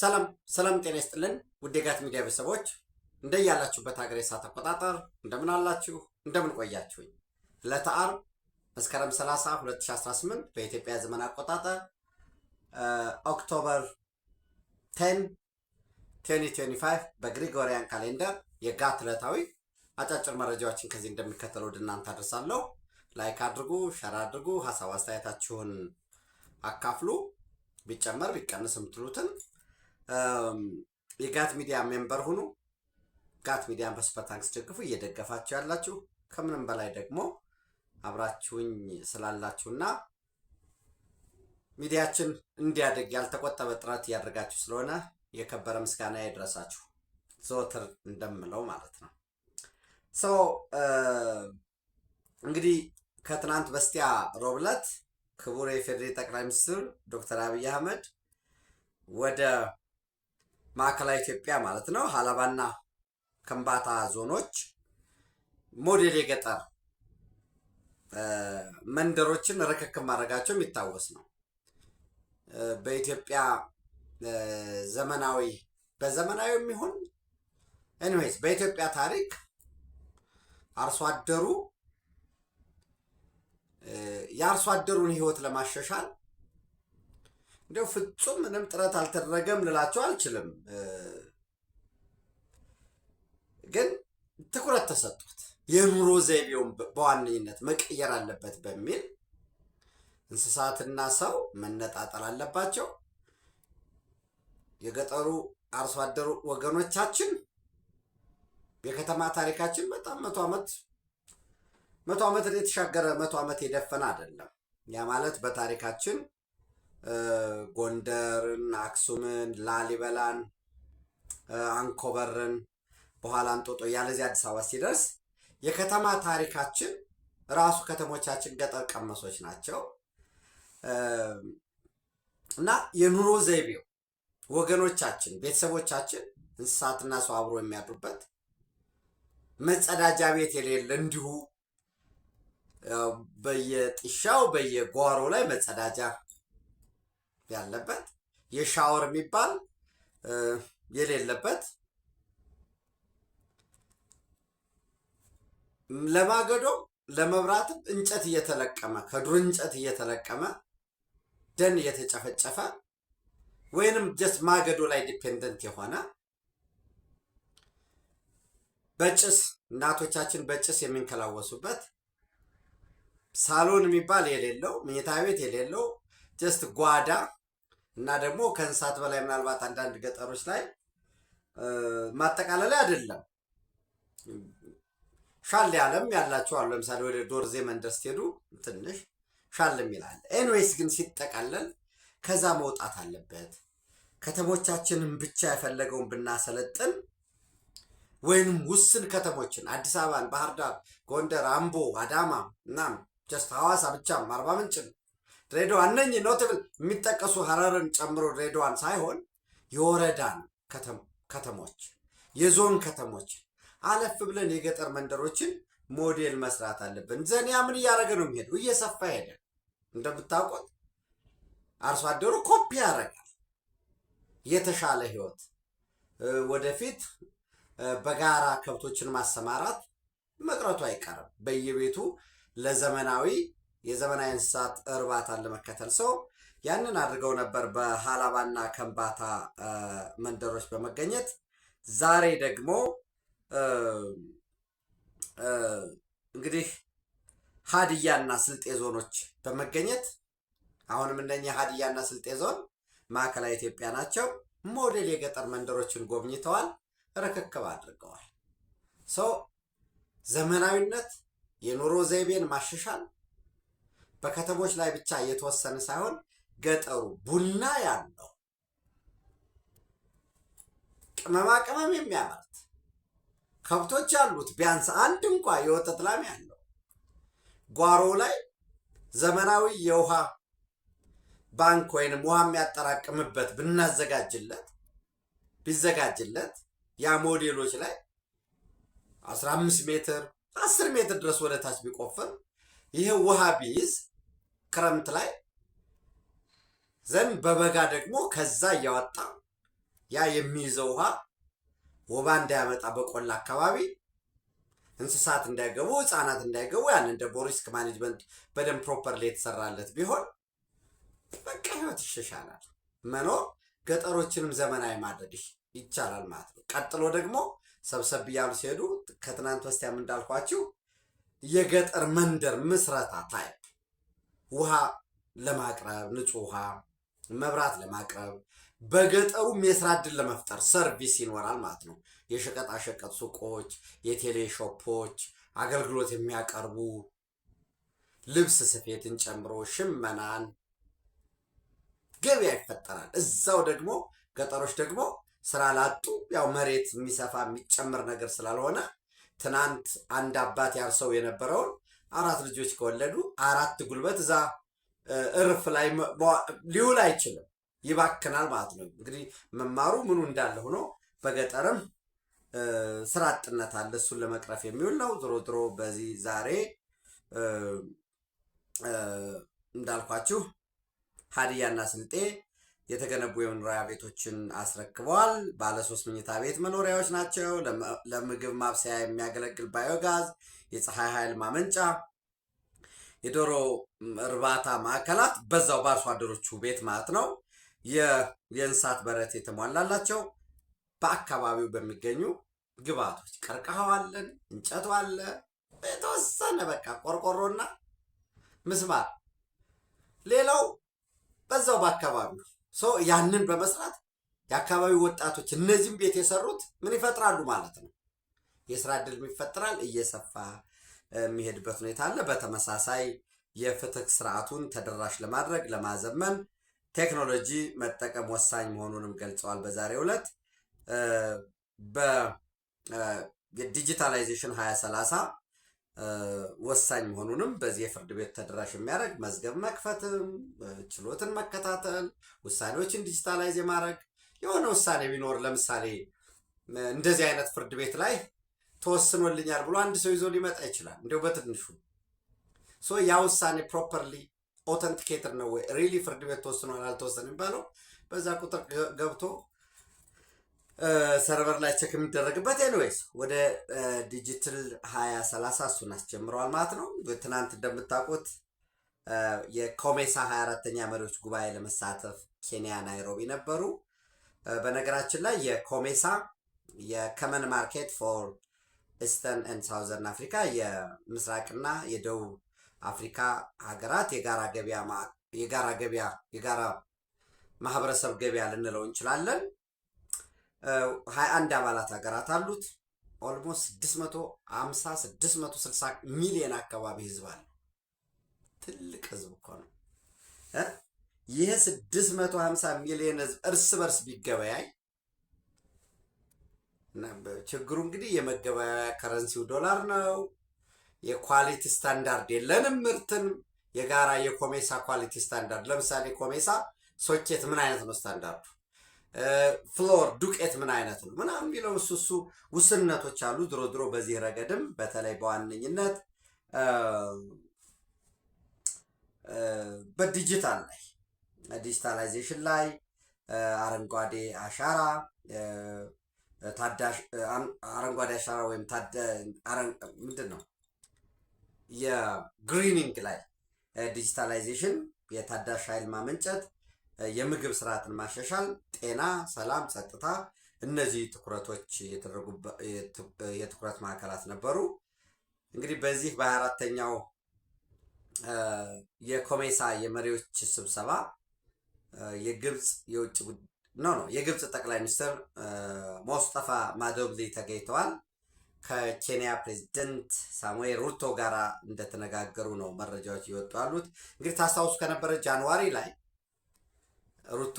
ሰላም ሰላም፣ ጤና ይስጥልን ውድ የጋት ሚዲያ ቤተሰቦች ያላችሁበት ሀገር የሰዓት አቆጣጠር እንደምን አላችሁ? እንደምን ቆያችሁኝ? ዕለተ ዓርብ መስከረም 30 2018 በኢትዮጵያ ዘመን አቆጣጠር ኦክቶበር 10 2025 በግሪጎሪያን ካሌንደር የጋት ዕለታዊ አጫጭር መረጃዎችን ከዚህ እንደሚከተለው ወደ እናንተ አድርሳለሁ ላይክ አድርጉ፣ ሸር አድርጉ፣ ሀሳብ አስተያየታችሁን አካፍሉ። ቢጨመር ቢቀንስ የምትሉትን የጋት ሚዲያ ሜምበር ሁኑ። ጋት ሚዲያን በሱፐር ታንክስ ደግፉ እየደገፋችሁ ያላችሁ ከምንም በላይ ደግሞ አብራችሁኝ ስላላችሁና ሚዲያችን እንዲያደግ ያልተቆጠበ ጥረት እያደረጋችሁ ስለሆነ የከበረ ምስጋና ይድረሳችሁ። ዘወትር እንደምለው ማለት ነው። ሰው እንግዲህ ከትናንት በስቲያ ረቡዕ ዕለት ክቡር የፌዴሬ ጠቅላይ ሚኒስትር ዶክተር አብይ አህመድ ወደ ማዕከላዊ ኢትዮጵያ ማለት ነው፣ ሀላባና ከምባታ ዞኖች ሞዴል የገጠር መንደሮችን ርክክብ ማድረጋቸው የሚታወስ ነው። በኢትዮጵያ ዘመናዊ በዘመናዊ የሚሆን ኤኒዌይስ በኢትዮጵያ ታሪክ አርሶ አደሩ የአርሶ አደሩን ሕይወት ለማሻሻል እንዲያው ፍጹም ምንም ጥረት አልተደረገም ልላቸው አልችልም፣ ግን ትኩረት ተሰጡት። የኑሮ ዘይቤውን በዋነኝነት መቀየር አለበት በሚል እንስሳትና ሰው መነጣጠል አለባቸው። የገጠሩ አርሶ አደሩ ወገኖቻችን የከተማ ታሪካችን በጣም መቶ ዓመት መቶ ዓመትን የተሻገረ መቶ ዓመት የደፈነ አይደለም። ያ ማለት በታሪካችን ጎንደርን፣ አክሱምን፣ ላሊበላን፣ አንኮበርን በኋላ እንጦጦ ያለዚህ አዲስ አበባ ሲደርስ የከተማ ታሪካችን ራሱ ከተሞቻችን ገጠር ቀመሶች ናቸው እና የኑሮ ዘይቤው ወገኖቻችን፣ ቤተሰቦቻችን እንስሳትና ሰው አብሮ የሚያድሩበት መጸዳጃ ቤት የሌለ እንዲሁ በየጥሻው በየጓሮ ላይ መጸዳጃ ያለበት የሻወር የሚባል የሌለበት ለማገዶ ለመብራትም እንጨት እየተለቀመ ከዱር እንጨት እየተለቀመ ደን እየተጨፈጨፈ ወይንም ጀስት ማገዶ ላይ ዲፔንደንት የሆነ በጭስ እናቶቻችን በጭስ የሚንከላወሱበት ሳሎን የሚባል የሌለው መኝታ ቤት የሌለው ጀስት ጓዳ እና ደግሞ ከእንስሳት በላይ ምናልባት አንዳንድ ገጠሮች ላይ ማጠቃለል አይደለም ሻል ያለም ያላቸው አሉ። ለምሳሌ ወደ ዶርዜ መንደር ስትሄዱ ትንሽ ሻልም ይላል። ኤንዌይስ ግን ሲጠቃለል ከዛ መውጣት አለበት። ከተሞቻችንን ብቻ የፈለገውን ብናሰለጥን ወይንም ውስን ከተሞችን አዲስ አበባን፣ ባህር ዳር፣ ጎንደር፣ አምቦ፣ አዳማ እናም ጀስት ሐዋሳ ብቻም አርባ ምንጭን ድሬዳዋ እነኚህ ኖትብል የሚጠቀሱ ሀረርን ጨምሮ ድሬዳዋን ሳይሆን የወረዳን ከተሞች፣ የዞን ከተሞች አለፍ ብለን የገጠር መንደሮችን ሞዴል መስራት አለብን። ዘኒያ ምን እያደረገ ነው የሚሄደው? እየሰፋ ሄደ። እንደምታውቁት አርሶ አደሩ ኮፒ ያደርጋል። የተሻለ ህይወት ወደፊት በጋራ ከብቶችን ማሰማራት መቅረቱ አይቀርም። በየቤቱ ለዘመናዊ የዘመናዊ እንስሳት እርባታን ለመከተል ሰው ያንን አድርገው ነበር በሀላባና ከምባታ መንደሮች በመገኘት ዛሬ ደግሞ እንግዲህ ሀዲያና ስልጤ ዞኖች በመገኘት አሁንም እንደኛ ሀዲያና ስልጤ ዞን ማዕከላዊ ኢትዮጵያ ናቸው። ሞዴል የገጠር መንደሮችን ጎብኝተዋል፣ ርክክብ አድርገዋል። ሰው ዘመናዊነት የኑሮ ዘይቤን ማሻሻል በከተሞች ላይ ብቻ የተወሰነ ሳይሆን ገጠሩ ቡና ያለው ቅመማ ቅመም የሚያመርት ከብቶች ያሉት ቢያንስ አንድ እንኳ የወተት ላም ያለው ጓሮ ላይ ዘመናዊ የውሃ ባንክ ወይንም ውሃ የሚያጠራቅምበት ብናዘጋጅለት ቢዘጋጅለት ያ ሞዴሎች ላይ 15 ሜትር አስር ሜትር ድረስ ወደ ታች ቢቆፍር ይሄ ውሃ ቢይዝ ክረምት ላይ ዘንድ በበጋ ደግሞ ከዛ እያወጣ ያ የሚይዘው ውሃ ወባ እንዳያመጣ በቆላ አካባቢ እንስሳት እንዳይገቡ፣ ህፃናት እንዳይገቡ ያን እንደ ቦሪስክ ማኔጅመንት በደንብ ፕሮፐርሊ የተሰራለት ቢሆን በቃ ህይወት ይሸሻላል። መኖር ገጠሮችንም ዘመናዊ ማድረግ ይቻላል ማለት ነው። ቀጥሎ ደግሞ ሰብሰብ እያሉ ሲሄዱ ከትናንት በስቲያም እንዳልኳችሁ የገጠር መንደር ምስረታ ታይፕ ውሃ ለማቅረብ ንጹህ ውሃ፣ መብራት ለማቅረብ በገጠሩም የስራ እድል ለመፍጠር ሰርቪስ ይኖራል ማለት ነው። የሸቀጣሸቀጥ ሱቆች፣ የቴሌ ሾፖች አገልግሎት የሚያቀርቡ ልብስ ስፌትን ጨምሮ ሽመናን ገበያ ይፈጠራል። እዛው ደግሞ ገጠሮች ደግሞ ስራ ላጡ ያው መሬት የሚሰፋ የሚጨምር ነገር ስላልሆነ ትናንት አንድ አባት ያርሰው የነበረውን አራት ልጆች ከወለዱ አራት ጉልበት እዛ እርፍ ላይ ሊውል አይችልም፣ ይባክናል ማለት ነው። እንግዲህ መማሩ ምኑ እንዳለ ሆኖ በገጠርም ስራ አጥነት አለ። እሱን ለመቅረፍ የሚውል ነው። ድሮ ድሮ በዚህ ዛሬ እንዳልኳችሁ ሀዲያና ስልጤ የተገነቡ የመኖሪያ ቤቶችን አስረክበዋል። ባለሶስት መኝታ ቤት መኖሪያዎች ናቸው። ለምግብ ማብሰያ የሚያገለግል ባዮጋዝ፣ የፀሐይ ኃይል ማመንጫ፣ የዶሮ እርባታ ማዕከላት በዛው በአርሶ አደሮቹ ቤት ማለት ነው። የእንስሳት በረት የተሟላላቸው በአካባቢው በሚገኙ ግብአቶች ቀርቀሃው አለን፣ እንጨቱ አለ፣ የተወሰነ በቃ ቆርቆሮና ምስማር፣ ሌላው በዛው በአካባቢው ሰው ያንን በመስራት የአካባቢው ወጣቶች እነዚህም ቤት የሰሩት ምን ይፈጥራሉ ማለት ነው። የስራ እድል ይፈጥራል። እየሰፋ የሚሄድበት ሁኔታ አለ። በተመሳሳይ የፍትህ ስርዓቱን ተደራሽ ለማድረግ ለማዘመን ቴክኖሎጂ መጠቀም ወሳኝ መሆኑንም ገልጸዋል። በዛሬው ዕለት በዲጂታላይዜሽን 2030 ወሳኝ መሆኑንም በዚህ የፍርድ ቤት ተደራሽ የሚያደርግ መዝገብ መክፈትም፣ ችሎትን መከታተል፣ ውሳኔዎችን ዲጂታላይዝ የማድረግ የሆነ ውሳኔ ቢኖር ለምሳሌ እንደዚህ አይነት ፍርድ ቤት ላይ ተወስኖልኛል ብሎ አንድ ሰው ይዞ ሊመጣ ይችላል። እንዲሁ በትንሹ ሶ ያ ውሳኔ ፕሮፐርሊ ኦተንቲኬትድ ነው ወይ ሪሊ ፍርድ ቤት ተወስኗል አልተወሰነ የሚባለው በዛ ቁጥር ገብቶ ሰርቨር ላይ ቸክ የሚደረግበት ኤንዌይስ ወደ ዲጂታል ሀያ ሰላሳ እሱን አስጀምረዋል ማለት ነው። ትናንት እንደምታውቁት የኮሜሳ ሀያ አራተኛ መሪዎች ጉባኤ ለመሳተፍ ኬንያ ናይሮቢ ነበሩ። በነገራችን ላይ የኮሜሳ የከመን ማርኬት ፎር ኢስተርን ኤንድ ሳውዘርን አፍሪካ የምስራቅና የደቡብ አፍሪካ ሀገራት የጋራ ገበያ የጋራ ገበያ የጋራ ማህበረሰብ ገበያ ልንለው እንችላለን ሀያ አንድ አባላት ሀገራት አሉት። ኦልሞስት 650 660 ሚሊዮን አካባቢ ህዝብ አለ። ትልቅ ህዝብ እኮ ነው። ይህ 650 ሚሊዮን ህዝብ እርስ በርስ ቢገበያይ ችግሩ እንግዲህ የመገበያያ ከረንሲው ዶላር ነው። የኳሊቲ ስታንዳርድ የለንም። ምርትን የጋራ የኮሜሳ ኳሊቲ ስታንዳርድ ለምሳሌ ኮሜሳ ሶኬት ምን አይነት ነው ስታንዳርዱ? ፍሎር ዱቄት ምን አይነት ነው ምናምን የሚለው እሱ እሱ ውስንነቶች አሉ። ድሮ ድሮ በዚህ ረገድም በተለይ በዋነኝነት በዲጂታል ላይ ዲጂታላይዜሽን ላይ አረንጓዴ አሻራ አረንጓዴ አሻራ ወይም ምንድን ነው የግሪኒንግ ላይ ዲጂታላይዜሽን የታዳሽ ኃይል ማመንጨት የምግብ ስርዓትን ማሻሻል፣ ጤና፣ ሰላም፣ ጸጥታ እነዚህ ትኩረቶች የትኩረት ማዕከላት ነበሩ። እንግዲህ በዚህ በአራተኛው የኮሜሳ የመሪዎች ስብሰባ የግብፅ የውጭ ነው የግብፅ ጠቅላይ ሚኒስትር ሞስጠፋ ማዶብሊ ተገኝተዋል። ከኬንያ ፕሬዚደንት ሳሙኤል ሩቶ ጋር እንደተነጋገሩ ነው መረጃዎች ይወጡ ያሉት። እንግዲህ ታስታውሱ ከነበረ ጃንዋሪ ላይ ሩቶ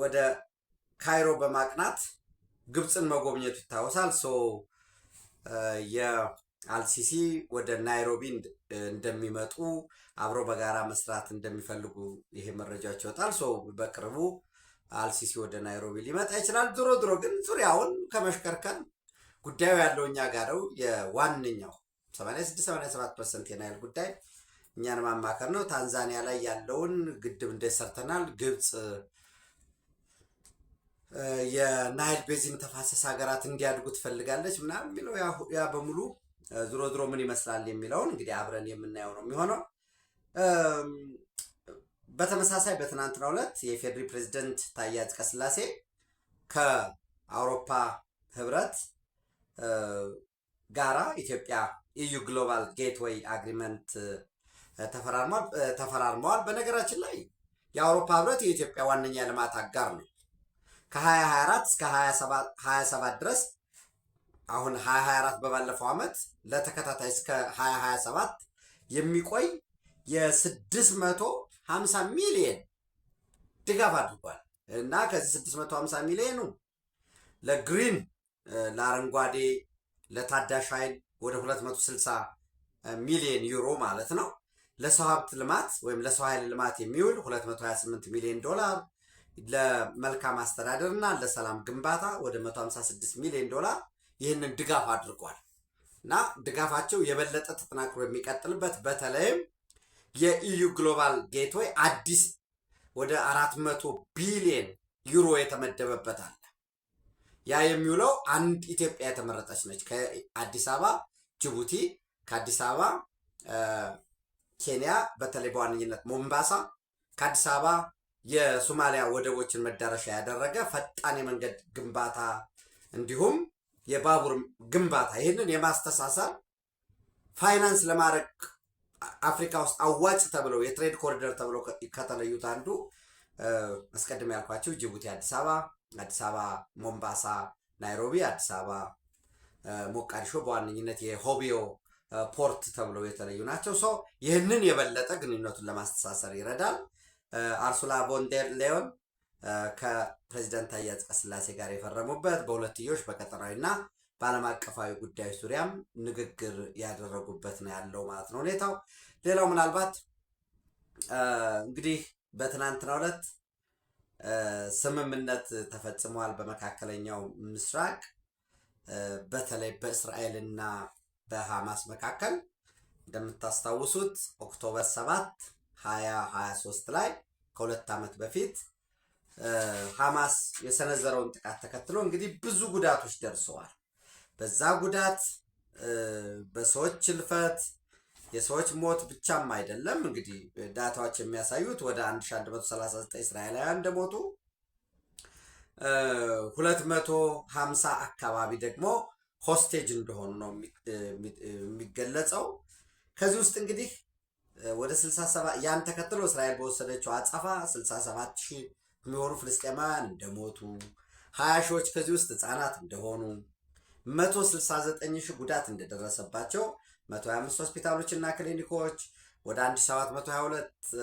ወደ ካይሮ በማቅናት ግብፅን መጎብኘቱ ይታወሳል። ሶ የአልሲሲ ወደ ናይሮቢ እንደሚመጡ አብሮ በጋራ መስራት እንደሚፈልጉ ይሄ መረጃዎች ይወጣል። ሶ በቅርቡ አልሲሲ ወደ ናይሮቢ ሊመጣ ይችላል። ድሮ ድሮ ግን ዙሪያውን ከመሽከርከር ጉዳዩ ያለው እኛ ጋር ነው። የዋነኛው 86 87 ፐርሰንት የናይል ጉዳይ እኛን ማማከር ነው። ታንዛኒያ ላይ ያለውን ግድብ እንዴት ሰርተናል? ግብፅ የናይል ቤዚን ተፋሰስ ሀገራት እንዲያድጉ ትፈልጋለች ምናምን የሚለው ያ በሙሉ ዝሮ ዝሮ ምን ይመስላል የሚለውን እንግዲህ አብረን የምናየው ነው የሚሆነው። በተመሳሳይ በትናንትናው ዕለት የፌዴሪ ፕሬዚደንት ታዬ አጽቀሥላሴ ከአውሮፓ ህብረት ጋራ ኢትዮጵያ ኢዩ ግሎባል ጌትዌይ አግሪመንት ተፈራርመዋል። በነገራችን ላይ የአውሮፓ ህብረት የኢትዮጵያ ዋነኛ ልማት አጋር ነው። ከ2024 እስከ 27 ድረስ አሁን 2024 በባለፈው ዓመት ለተከታታይ እስከ 2027 የሚቆይ የ650 ሚሊየን ድጋፍ አድርጓል እና ከዚህ 650 ሚሊየኑ ለግሪን ለአረንጓዴ ለታዳሽ ኃይል ወደ 260 ሚሊየን ዩሮ ማለት ነው ለሰው ሀብት ልማት ወይም ለሰው ኃይል ልማት የሚውል 228 ሚሊዮን ዶላር፣ ለመልካም አስተዳደር እና ለሰላም ግንባታ ወደ 156 ሚሊዮን ዶላር ይህንን ድጋፍ አድርጓል እና ድጋፋቸው የበለጠ ተጠናክሮ የሚቀጥልበት በተለይም የኢዩ ግሎባል ጌትዌይ አዲስ ወደ 400 ቢሊዮን ዩሮ የተመደበበት አለ። ያ የሚውለው አንድ ኢትዮጵያ የተመረጠች ነች። ከአዲስ አበባ ጅቡቲ፣ ከአዲስ አበባ ኬንያ በተለይ በዋነኝነት ሞምባሳ ከአዲስ አበባ የሶማሊያ ወደቦችን መዳረሻ ያደረገ ፈጣን የመንገድ ግንባታ እንዲሁም የባቡር ግንባታ ይህንን የማስተሳሰር ፋይናንስ ለማድረግ አፍሪካ ውስጥ አዋጭ ተብለው የትሬድ ኮሪደር ተብለው ከተለዩት አንዱ አስቀድሜ ያልኳቸው ጅቡቲ አዲስ አበባ፣ አዲስ አበባ ሞምባሳ ናይሮቢ፣ አዲስ አበባ ሞቃዲሾ በዋነኝነት የሆቢዮ ፖርት ተብለው የተለዩ ናቸው። ሰው ይህንን የበለጠ ግንኙነቱን ለማስተሳሰር ይረዳል። አርሱላ ቮንዴር ሌዮን ከፕሬዚደንት ታዬ አጽቀሥላሴ ጋር የፈረሙበት በሁለትዮሽ በቀጠናዊና በዓለም አቀፋዊ ጉዳይ ዙሪያም ንግግር ያደረጉበት ነው ያለው ማለት ነው ሁኔታው። ሌላው ምናልባት እንግዲህ በትናንትናው ዕለት ስምምነት ተፈጽመዋል በመካከለኛው ምስራቅ በተለይ በእስራኤልና በሐማስ መካከል እንደምታስታውሱት ኦክቶበር 7 2023 ላይ ከሁለት ዓመት በፊት ሐማስ የሰነዘረውን ጥቃት ተከትሎ እንግዲህ ብዙ ጉዳቶች ደርሰዋል። በዛ ጉዳት በሰዎች እልፈት የሰዎች ሞት ብቻም አይደለም። እንግዲህ ዳታዎች የሚያሳዩት ወደ 1139 እስራኤላውያን እንደሞቱ 250 አካባቢ ደግሞ ሆስቴጅ እንደሆኑ ነው የሚገለጸው። ከዚህ ውስጥ እንግዲህ ወደ 67 ያን ተከትሎ እስራኤል በወሰደችው አጸፋ 67 ሺህ የሚሆኑ ፍልስጤማውያን እንደሞቱ፣ 20 ሺዎች ከዚህ ውስጥ ህጻናት እንደሆኑ፣ 169 ሺህ ጉዳት እንደደረሰባቸው 125 ሆስፒታሎች እና ክሊኒኮች ወደ 1722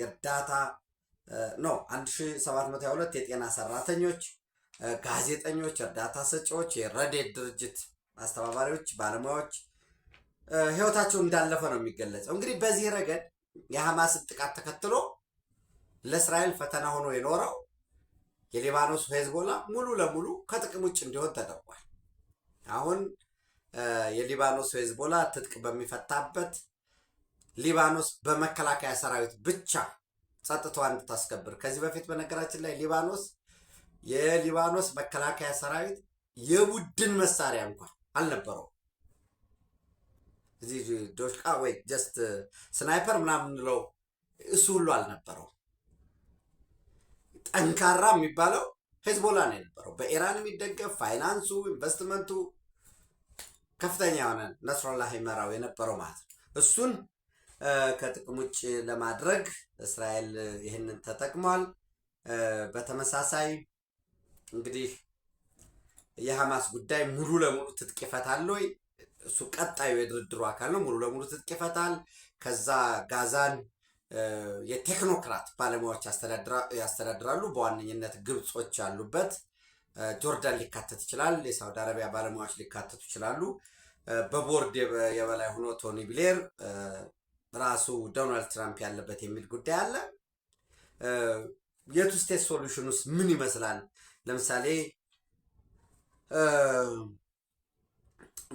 የእርዳታ ነው 1722 የጤና ሰራተኞች ጋዜጠኞች፣ እርዳታ ሰጪዎች፣ የረድኤት ድርጅት አስተባባሪዎች፣ ባለሙያዎች ህይወታቸው እንዳለፈ ነው የሚገለጸው። እንግዲህ በዚህ ረገድ የሐማስ ጥቃት ተከትሎ ለእስራኤል ፈተና ሆኖ የኖረው የሊባኖስ ሄዝቦላ ሙሉ ለሙሉ ከጥቅም ውጭ እንዲሆን ተደርጓል። አሁን የሊባኖስ ሄዝቦላ ትጥቅ በሚፈታበት ሊባኖስ በመከላከያ ሰራዊት ብቻ ጸጥታዋን እንድታስከብር ከዚህ በፊት በነገራችን ላይ ሊባኖስ የሊባኖስ መከላከያ ሰራዊት የቡድን መሳሪያ እንኳን አልነበረው እዚህ ዶሽቃ ወይ ጀስት ስናይፐር ምናምን ምንለው እሱ ሁሉ አልነበረው። ጠንካራ የሚባለው ሄዝቦላ ነው የነበረው። በኢራን የሚደገፍ ፋይናንሱ፣ ኢንቨስትመንቱ ከፍተኛ የሆነ ነስሮላ ይመራው የነበረው ማለት ነው። እሱን ከጥቅም ውጭ ለማድረግ እስራኤል ይህንን ተጠቅሟል። በተመሳሳይ እንግዲህ የሐማስ ጉዳይ ሙሉ ለሙሉ ትጥቅ ይፈታል ወይ? እሱ ቀጣዩ የድርድሩ አካል ነው። ሙሉ ለሙሉ ትጥቅ ይፈታል። ከዛ ጋዛን የቴክኖክራት ባለሙያዎች ያስተዳድራሉ። በዋነኝነት ግብጾች ያሉበት፣ ጆርዳን ሊካተት ይችላል። የሳውዲ አረቢያ ባለሙያዎች ሊካተቱ ይችላሉ። በቦርድ የበላይ ሆኖ ቶኒ ብሌር፣ ራሱ ዶናልድ ትራምፕ ያለበት የሚል ጉዳይ አለ። የቱ ስቴት ሶሉሽን ውስጥ ምን ይመስላል ለምሳሌ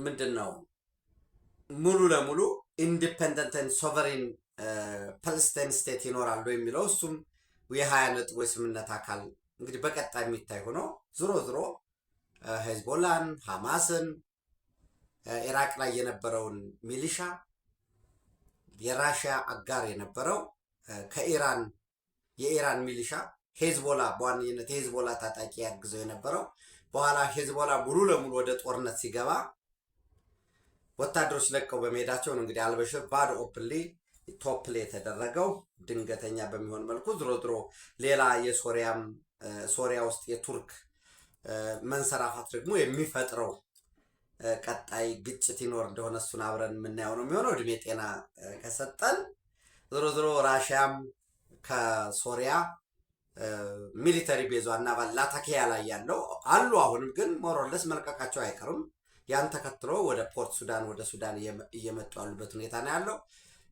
ምንድን ነው ሙሉ ለሙሉ ኢንዲፐንደንትን ሶቨሪን ፐለስታይን ስቴት ይኖራሉ የሚለው እሱም የሀያ ነጥብ ስምምነት አካል እንግዲህ በቀጣይ የሚታይ ሆኖ ዝሮ ዝሮ ሄዝቦላን፣ ሐማስን፣ ኢራቅ ላይ የነበረውን ሚሊሻ የራሽያ አጋር የነበረው ከኢራን የኢራን ሚሊሻ ሄዝቦላ በዋነኝነት የሄዝቦላ ታጣቂ ያግዘው የነበረው በኋላ ሄዝቦላ ሙሉ ለሙሉ ወደ ጦርነት ሲገባ ወታደሮች ለቀው በመሄዳቸው ነው እንግዲህ አልበሽር ባዶ ኦፕሊ ቶፕል የተደረገው ድንገተኛ በሚሆን መልኩ ድሮ ድሮ ሌላ የሶሪያም ሶሪያ ውስጥ የቱርክ መንሰራፋት ደግሞ የሚፈጥረው ቀጣይ ግጭት ይኖር እንደሆነ እሱን አብረን የምናየው ነው የሚሆነው እድሜ ጤና ከሰጠን። ዝሮ ዝሮ ራሽያም ከሶሪያ ሚሊተሪ ቤዟ እና ላታኪያ ላይ ያለው አሉ። አሁንም ግን ሞሮለስ መልቀቃቸው አይቀርም። ያን ተከትሎ ወደ ፖርት ሱዳን ወደ ሱዳን እየመጡ ያሉበት ሁኔታ ነው ያለው።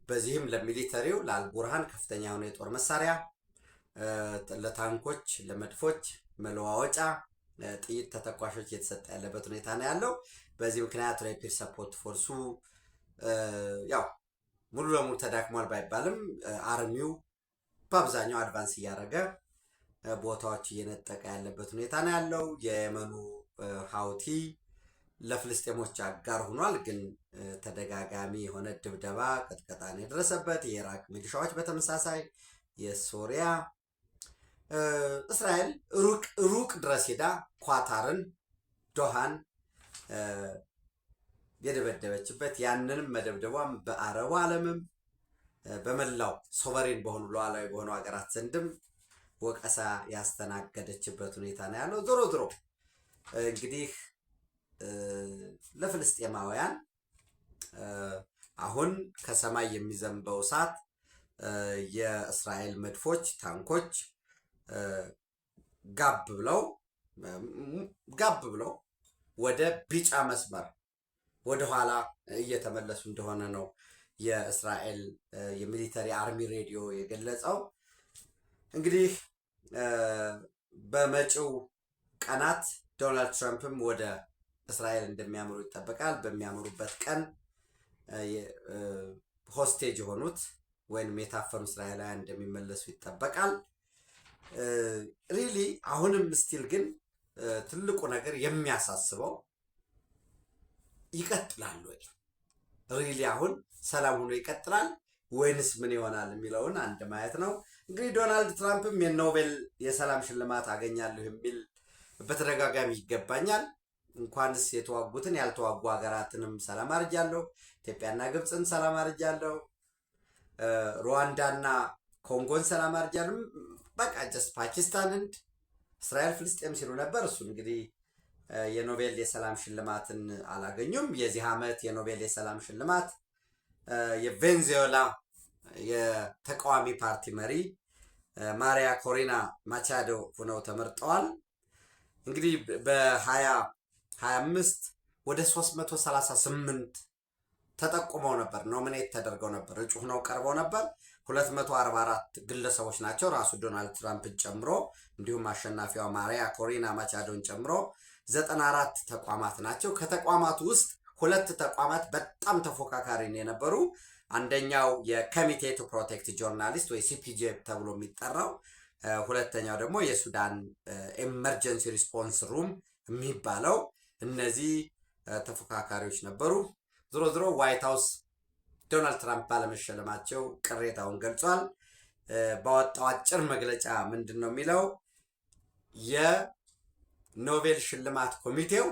በዚህም ለሚሊተሪው ለአልቡርሃን ከፍተኛ የሆነ የጦር መሳሪያ፣ ለታንኮች፣ ለመድፎች መለዋወጫ ጥይት፣ ተተኳሾች እየተሰጠ ያለበት ሁኔታ ነው ያለው። በዚህ ምክንያት ራፒድ ሰፖርት ፎርሱ ያው ሙሉ ለሙሉ ተዳክሟል ባይባልም አርሚው በአብዛኛው አድቫንስ እያደረገ ቦታዎች እየነጠቀ ያለበት ሁኔታ ነው ያለው። የየመኑ ሀውቲ ለፍልስጤሞች አጋር ሆኗል። ግን ተደጋጋሚ የሆነ ድብደባ ቅጥቀጣን የደረሰበት የኢራቅ ሚሊሻዎች በተመሳሳይ የሶሪያ እስራኤል ሩቅ ሩቅ ድረስ ሄዳ ኳታርን፣ ዶሃን የደበደበችበት ያንንም መደብደቧም በአረቡ ዓለምም በመላው ሶቨሬን በሆኑ ሉዓላዊ በሆኑ ሀገራት ዘንድም ወቀሳ ያስተናገደችበት ሁኔታ ነው ያለው። ዞሮ ዞሮ እንግዲህ ለፍልስጤማውያን አሁን ከሰማይ የሚዘንበው እሳት የእስራኤል መድፎች፣ ታንኮች ጋብ ብለው ጋብ ብለው ወደ ቢጫ መስመር ወደኋላ እየተመለሱ እንደሆነ ነው የእስራኤል የሚሊተሪ አርሚ ሬዲዮ የገለጸው። እንግዲህ በመጪው ቀናት ዶናልድ ትራምፕም ወደ እስራኤል እንደሚያምሩ ይጠበቃል። በሚያምሩበት ቀን ሆስቴጅ የሆኑት ወይንም የታፈኑ እስራኤላውያን እንደሚመለሱ ይጠበቃል። ሪሊ አሁንም ስቲል ግን ትልቁ ነገር የሚያሳስበው ይቀጥላል ወይ ሪሊ አሁን ሰላም ሆኖ ይቀጥላል ወይንስ ምን ይሆናል የሚለውን አንድ ማየት ነው። እንግዲህ ዶናልድ ትራምፕም የኖቤል የሰላም ሽልማት አገኛለሁ የሚል በተደጋጋሚ ይገባኛል። እንኳንስ የተዋጉትን ያልተዋጉ ሀገራትንም ሰላም አርጃለሁ፣ ኢትዮጵያና ግብፅን ሰላም አርጃለሁ፣ ሩዋንዳና ኮንጎን ሰላም አርጃለሁ። በቃ ጀስት ፓኪስታን፣ እንድ እስራኤል፣ ፍልስጤም ሲሉ ነበር። እሱ እንግዲህ የኖቤል የሰላም ሽልማትን አላገኙም። የዚህ ዓመት የኖቤል የሰላም ሽልማት የቬንዙዌላ የተቃዋሚ ፓርቲ መሪ ማሪያ ኮሪና ማቻዶ ሆነው ተመርጠዋል። እንግዲህ በ2025 ወደ 338 ተጠቁመው ነበር፣ ኖሚኔት ተደርገው ነበር፣ እጩ ሆነው ቀርበው ነበር። 244 ግለሰቦች ናቸው ራሱ ዶናልድ ትራምፕን ጨምሮ እንዲሁም አሸናፊዋ ማሪያ ኮሪና ማቻዶን ጨምሮ 94 ተቋማት ናቸው። ከተቋማቱ ውስጥ ሁለት ተቋማት በጣም ተፎካካሪ የነበሩ አንደኛው የኮሚቴ ቱ ፕሮቴክት ጆርናሊስት ወይ ሲፒጄ ተብሎ የሚጠራው ሁለተኛው ደግሞ የሱዳን ኤመርጀንሲ ሪስፖንስ ሩም የሚባለው እነዚህ ተፎካካሪዎች ነበሩ። ዝሮ ዝሮ ዋይት ሀውስ ዶናልድ ትራምፕ ባለመሸለማቸው ቅሬታውን ገልጿል። ባወጣው አጭር መግለጫ ምንድን ነው የሚለው? የኖቤል ሽልማት ኮሚቴው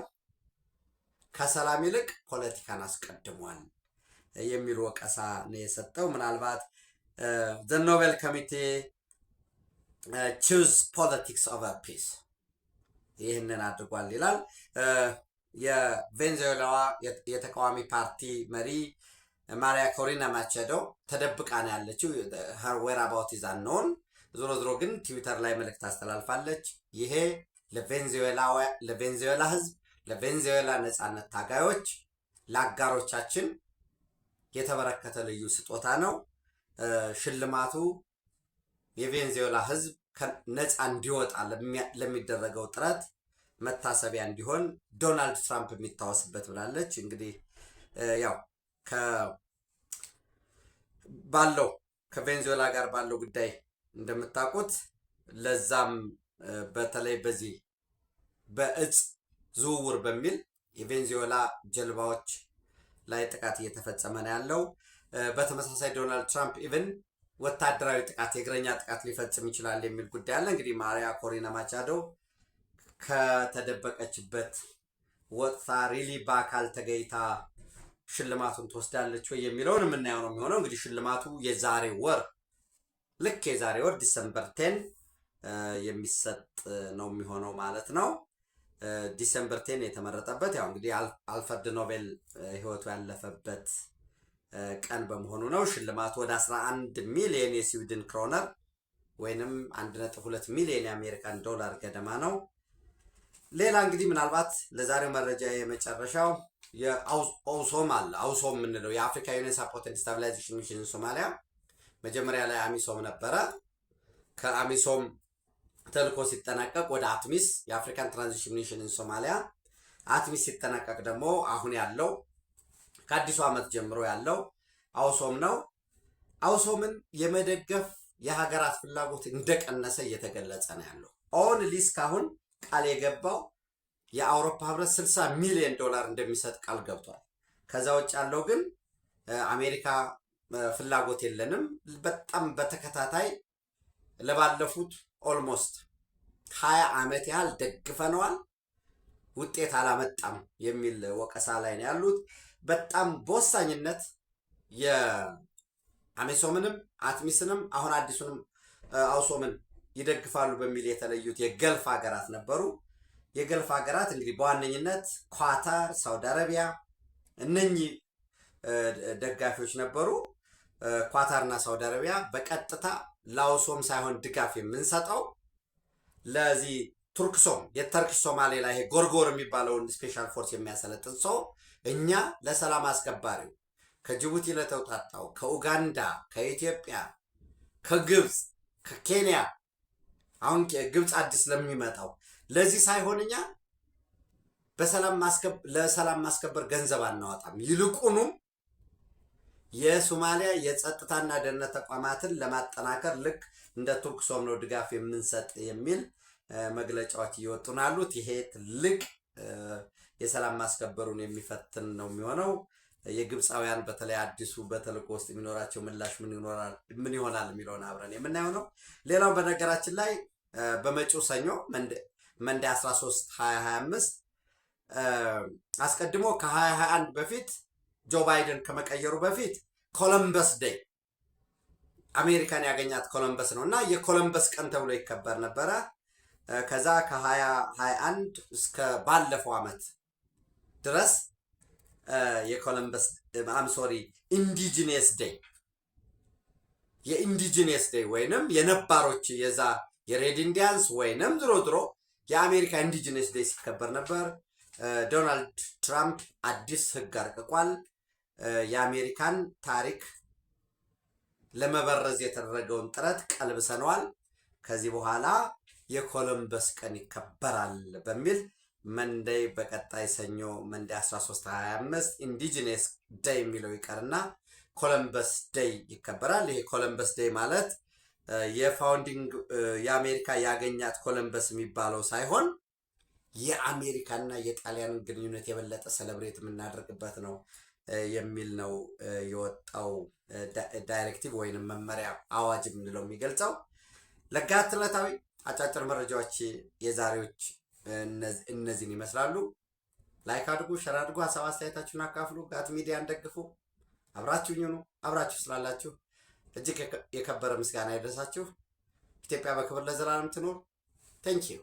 ከሰላም ይልቅ ፖለቲካን አስቀድሟል የሚል ወቀሳ ነው የሰጠው። ምናልባት ዘ ኖቤል ኮሚቴ ቹዝ ፖለቲክስ ኦቨር ፒስ ይህንን አድርጓል ይላል። የቬንዙዌላዋ የተቃዋሚ ፓርቲ መሪ ማሪያ ኮሪና ማቸዶ ተደብቃ ነው ያለችው። ሄር ዌር አባውት ኢዝ አንኖን። ዞሮ ዞሮ ግን ትዊተር ላይ መልእክት አስተላልፋለች። ይሄ ለቬንዙዌላ ህዝብ ለቬንዙዌላ ነፃነት ታጋዮች፣ ለአጋሮቻችን የተበረከተ ልዩ ስጦታ ነው። ሽልማቱ የቬንዙዌላ ሕዝብ ነፃ እንዲወጣ ለሚደረገው ጥረት መታሰቢያ እንዲሆን ዶናልድ ትራምፕ የሚታወስበት ብላለች። እንግዲህ ያው ባለው ከቬንዙዌላ ጋር ባለው ጉዳይ እንደምታውቁት ለዛም በተለይ በዚህ በእጽ ዝውውር በሚል የቬንዙዌላ ጀልባዎች ላይ ጥቃት እየተፈጸመ ነው ያለው። በተመሳሳይ ዶናልድ ትራምፕ ኢቨን ወታደራዊ ጥቃት የእግረኛ ጥቃት ሊፈጽም ይችላል የሚል ጉዳይ አለ። እንግዲህ ማሪያ ኮሪና ማቻዶ ከተደበቀችበት ወጥታ ሪሊ በአካል ተገይታ ሽልማቱን ትወስዳለች ወይ የሚለውን የምናየው ነው የሚሆነው። እንግዲህ ሽልማቱ የዛሬ ወር ልክ የዛሬ ወር ዲሰምበር ቴን የሚሰጥ ነው የሚሆነው ማለት ነው። ዲሰምበር ቴን የተመረጠበት ያው እንግዲህ አልፈርድ ኖቤል ህይወቱ ያለፈበት ቀን በመሆኑ ነው። ሽልማቱ ወደ 11 ሚሊዮን የስዊድን ክሮነር ወይንም 1.2 ሚሊዮን የአሜሪካን ዶላር ገደማ ነው። ሌላ እንግዲህ ምናልባት ለዛሬው መረጃ የመጨረሻው የአውሶም አለ። አውሶም የምንለው የአፍሪካ ዩኒየን ሳፖርት ስታቢላይዜሽን ሚሽን ሶማሊያ መጀመሪያ ላይ አሚሶም ነበረ። ከአሚሶም ተልኮ ሲጠናቀቅ ወደ አትሚስ የአፍሪካን ትራንዚሽን ሚሽን ሶማሊያ አትሚስ ሲጠናቀቅ ደግሞ አሁን ያለው ከአዲሱ ዓመት ጀምሮ ያለው አውሶም ነው። አውሶምን የመደገፍ የሀገራት ፍላጎት እንደቀነሰ እየተገለጸ ነው ያለው። ኦን ሊስ ካሁን ቃል የገባው የአውሮፓ ህብረት 60 ሚሊዮን ዶላር እንደሚሰጥ ቃል ገብቷል። ከዛ ውጭ ያለው ግን አሜሪካ ፍላጎት የለንም በጣም በተከታታይ ለባለፉት ኦልሞስት ሀያ ዓመት ያህል ደግፈነዋል፣ ውጤት አላመጣም የሚል ወቀሳ ላይ ነው ያሉት። በጣም በወሳኝነት የአሜሶምንም አትሚስንም አሁን አዲሱንም አውሶምን ይደግፋሉ በሚል የተለዩት የገልፍ ሀገራት ነበሩ። የገልፍ ሀገራት እንግዲህ በዋነኝነት ኳታር፣ ሳውዲ አረቢያ እነኚህ ደጋፊዎች ነበሩ። ኳታርና ሳውዲ አረቢያ በቀጥታ ላውሶም ሳይሆን ድጋፍ የምንሰጠው ለዚህ ቱርክሶም የተርክ ሶማሌ ላይ ይሄ ጎርጎር የሚባለውን ስፔሻል ፎርስ የሚያሰለጥን ሰው እኛ ለሰላም አስከባሪው ከጅቡቲ ለተውጣጣው ከኡጋንዳ፣ ከኢትዮጵያ፣ ከግብፅ፣ ከኬንያ አሁን ግብፅ አዲስ ለሚመጣው ለዚህ ሳይሆን እኛ ለሰላም ማስከበር ገንዘብ አናወጣም። ይልቁኑም የሶማሊያ የጸጥታና ደህንነት ተቋማትን ለማጠናከር ልክ እንደ ቱርክ ሶምኖ ድጋፍ የምንሰጥ የሚል መግለጫዎች እየወጡ ነው ያሉት። ይሄ ትልቅ የሰላም ማስከበሩን የሚፈትን ነው የሚሆነው። የግብፃውያን በተለይ አዲሱ በተልእኮ ውስጥ የሚኖራቸው ምላሽ ምን ይሆናል የሚለውን አብረን የምናየው ነው። ሌላው በነገራችን ላይ በመጪው ሰኞ መንዴ 13 2025 አስቀድሞ ከ2021 በፊት ጆ ባይደን ከመቀየሩ በፊት ኮለምበስ ደይ አሜሪካን ያገኛት ኮለምበስ ነው እና የኮለምበስ ቀን ተብሎ ይከበር ነበረ። ከዛ ከ2021 እስከ ባለፈው ዓመት ድረስ የኮሎምበስ አም ሶሪ ኢንዲጂኒየስ ዴይ የኢንዲጂኒየስ ዴይ ወይንም የነባሮች የዛ የሬድ ኢንዲያንስ ወይንም ድሮ ድሮ የአሜሪካ ኢንዲጂኒየስ ዴይ ሲከበር ነበር። ዶናልድ ትራምፕ አዲስ ህግ አርቅቋል። የአሜሪካን ታሪክ ለመበረዝ የተደረገውን ጥረት ቀልብሰነዋል። ከዚህ በኋላ የኮሎምበስ ቀን ይከበራል በሚል መንደይ በቀጣይ ሰኞ መንደይ 1325 ኢንዲጂነስ ደይ የሚለው ይቀርና ኮሎምበስ ደይ ይከበራል። ይሄ ኮሎምበስ ደይ ማለት የፋውንዲንግ የአሜሪካ ያገኛት ኮሎምበስ የሚባለው ሳይሆን የአሜሪካና የጣሊያንን ግንኙነት የበለጠ ሰለብሬት የምናደርግበት ነው። የሚል ነው የወጣው ዳይሬክቲቭ ወይንም መመሪያ አዋጅ የምንለው የሚገልጸው። ለጋት ዕለታዊ አጫጭር መረጃዎች የዛሬዎች እነዚህን ይመስላሉ። ላይክ አድርጉ፣ ሸር አድርጉ፣ ሀሳብ አስተያየታችሁን አካፍሉ፣ ጋት ሚዲያን ደግፉ። አብራችሁኝ ሁኑ። አብራችሁ ስላላችሁ እጅግ የከበረ ምስጋና ይድረሳችሁ። ኢትዮጵያ በክብር ለዘላለም ትኖር። ቴንኪዩ